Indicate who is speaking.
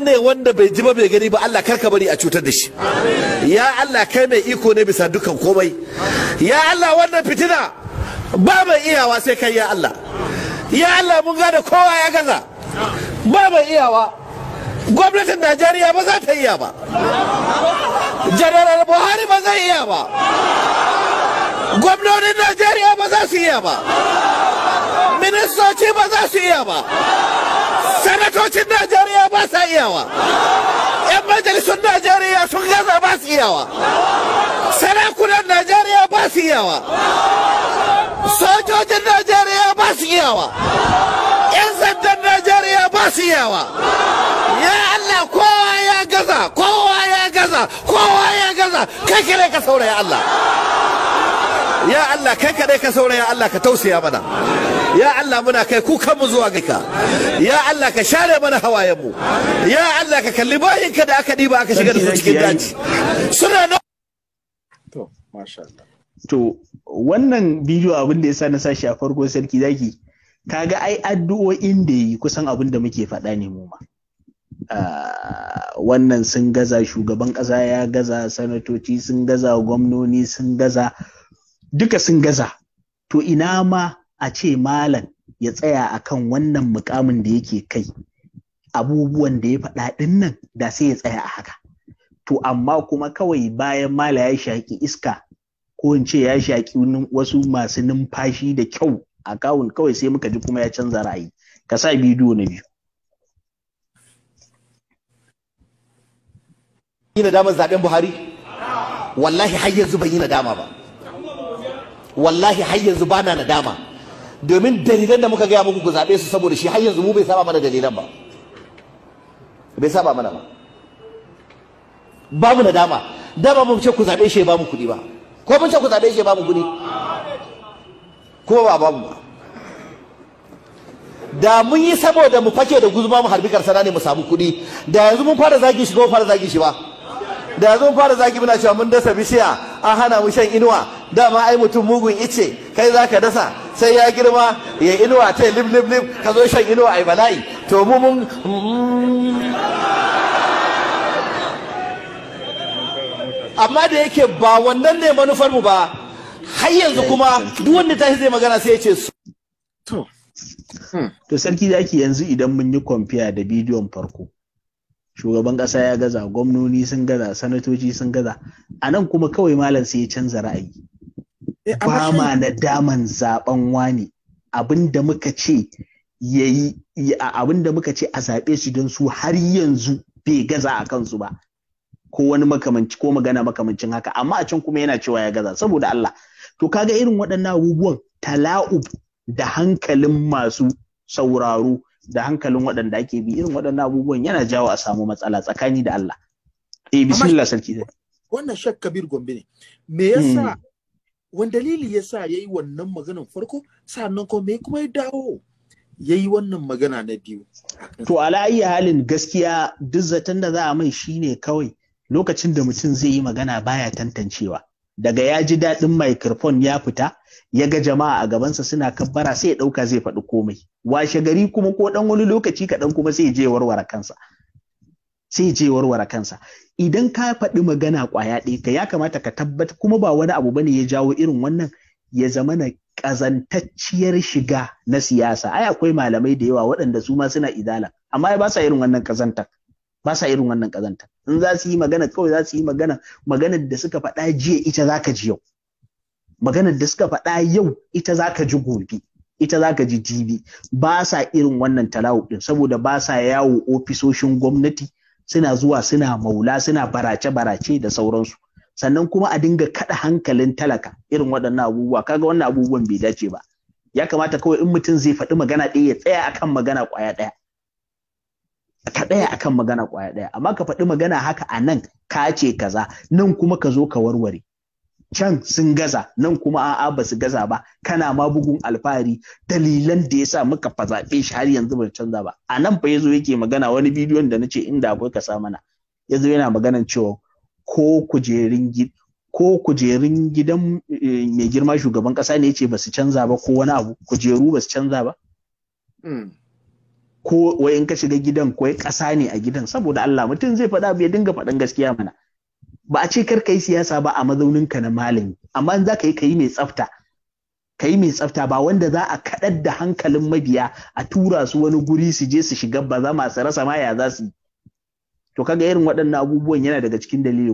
Speaker 1: ne wanda bai ji ba bai gani ba Allah karka bari a cutar da shi ya Allah kai mai iko ne bisa dukan komai ya Allah wannan fitina ba mai iyawa sai kai ya Allah ya Allah mun gane kowa ya gaza ba mai iyawa gwamnatin Najeriya ba za ta iya ba General Buhari ba zai iya ba gwamnonin Najeriya ba za su iya ba ministoci ba za su iya ba sanatocin najeriya ba sa iyawa yan majalisun najeriya sun gaza ba su iyawa sarakunan najeriya ba su iyawa sojojin najeriya ba su iyawa yan sandan najeriya ba su iyawa ya allah kowa ya gaza kowa ya gaza kowa ya gaza kai kare ka sauraya allah ya allah kai kare ka sauraya allah ka tausaya mana ya Allah muna kai kukanmu zuwa gaka. ya Allah ka share mana hawayenmu ya Allah ka kalli bayinka da aka ɗiba aka shiga da su cikin daji suna nan to
Speaker 2: masha Allah to wannan bidiyo abin da yasa na sashi a farko sarki zaki kaga ai addu'o'in da yi kusan abin da muke faɗa ne mu ma ah, wannan sun gaza shugaban ƙasa ya gaza sanatoci sun gaza gwamnoni sun gaza duka sun gaza to ina ma a ce malam ya tsaya a kan wannan mukamin da yake kai abubuwan da ya faɗa ɗin nan da sai ya tsaya a haka to amma kuma kawai bayan mala ya shaƙi iska ko in ce ya shaƙi wasu masu numfashi da kyau a kawun kawai sai muka ji kuma ya canza ra'ayi ka sa bidiyo na biyu
Speaker 1: yi damar zaben buhari wallahi har yanzu ban yi nadama ba wallahi har yanzu bana nadama domin dalilan da muka gaya muku ku zaɓe su saboda shi har yanzu mu bai saba mana dalilan ba bai saba mana ba babu na dama dama mun ce ku zaɓe shi ba mu kuɗi ba ko mun ce ku zaɓe shi ba mu kuɗi ko ba babu ba da mun yi saboda mu fake da guzuma mu harbi karsana ne mu samu kuɗi da yanzu mun fara zagi shi ko fara zagi shi ba da yanzu mun fara zagi muna cewa mun dasa bishiya an hana mu shan inuwa dama ai mutum mugun ice kai zaka dasa sai ya girma ya inuwa ta lib lib lib ka zo shan inuwa ai bala'i to mu mun amma da yake ba wannan ne manufar mu ba har yanzu kuma duk wanda ta zai magana sai ya ce
Speaker 2: to to sarki ake yanzu idan mun yi kwamfiya da bidiyon farko shugaban ƙasa ya gaza gwamnoni sun gaza sanatoci sun gaza a nan kuma kawai malam sai ya canza ra'ayi Eh, ba ma na daman zaben wani abin da muka ce abin da muka ce a zaɓe su don su har yanzu bai gaza a kansu ba ko wani makamanci ko magana makamancin haka amma a can kuma yana cewa ya gaza saboda Allah to kaga irin waɗannan abubuwan tala'ub da hankalin masu sauraro da hankalin waɗanda ake bi irin waɗannan abubuwan yana jawo a samu matsala tsakani da Allah eh bismillah sarki
Speaker 1: wannan shakka kabir gombe ne
Speaker 2: me yasa hmm. wani dalili ya sa ya yi wannan maganan farko sannan kuma ya kuma ya dawo ya yi wannan magana na biyu. To ala iya halin gaskiya duk zaton da za a mai shi ne kawai lokacin da mutum zai yi magana baya tantancewa. Daga ya ji daɗin microphone ya fita ya ga jama'a a gabansa suna kabbara sai ya ɗauka zai faɗi komai. Washe gari kuma ko ɗan wani lokaci kaɗan kuma sai ya je warware kansa. sai je warware kansa idan ka faɗi magana ƙwaya ɗaya ka ya kamata ka tabbata kuma ba wani abu bane ya jawo irin wannan ya zama na ƙazantacciyar shiga na siyasa ai akwai malamai da yawa waɗanda su ma suna idala amma ba sa irin wannan ƙazantar ba sa irin wannan ƙazantar in za su yi magana kawai za su yi magana maganar da suka faɗa jiya ita za ka ji yau maganar da suka faɗa yau ita za ka ji gobe ita za ka ji jibi ba sa irin wannan talawu ɗin saboda ba sa yawo ofisoshin gwamnati suna zuwa suna maula suna barace-barace da sauransu sannan kuma a dinga kaɗa hankalin talaka irin waɗannan abubuwa kaga wannan abubuwan bai dace ba ya kamata kawai in mutum zai faɗi magana ɗaya ya tsaya akan magana ƙwaya ɗaya ka ɗaya akan magana ƙwaya ɗaya amma ka faɗi magana haka a nan ka ce kaza nan kuma ka zo ka warware can sun gaza nan kuma a'a ba su gaza ba kana ma bugun alfahari dalilan da ya sa muka fazaɓe shi har yanzu ba canza ba a nan fa yazo yake magana wani bidiyon da na ce inda akwai ka sa mana yazo yana maganan cewa ko kujerun gidan eh, mai girma shugaban kasa ne yace ba su canza ba ko wani abu kujeru ba su canza ba hmm. ko wai in ka shiga gidan ko kasa ne a gidan saboda Allah mutum zai faɗa ya dinga faɗan gaskiya mana ba a ce kar ka yi siyasa ba a mazaunin ka na malami amma in za ka yi ka yi mai tsafta ka yi mai tsafta ba wanda za a kaɗar da hankalin mabiya a tura su wani guri su je su shiga ba za masu rasa ma ya za su yi to kaga irin waɗannan abubuwan yana daga cikin dalili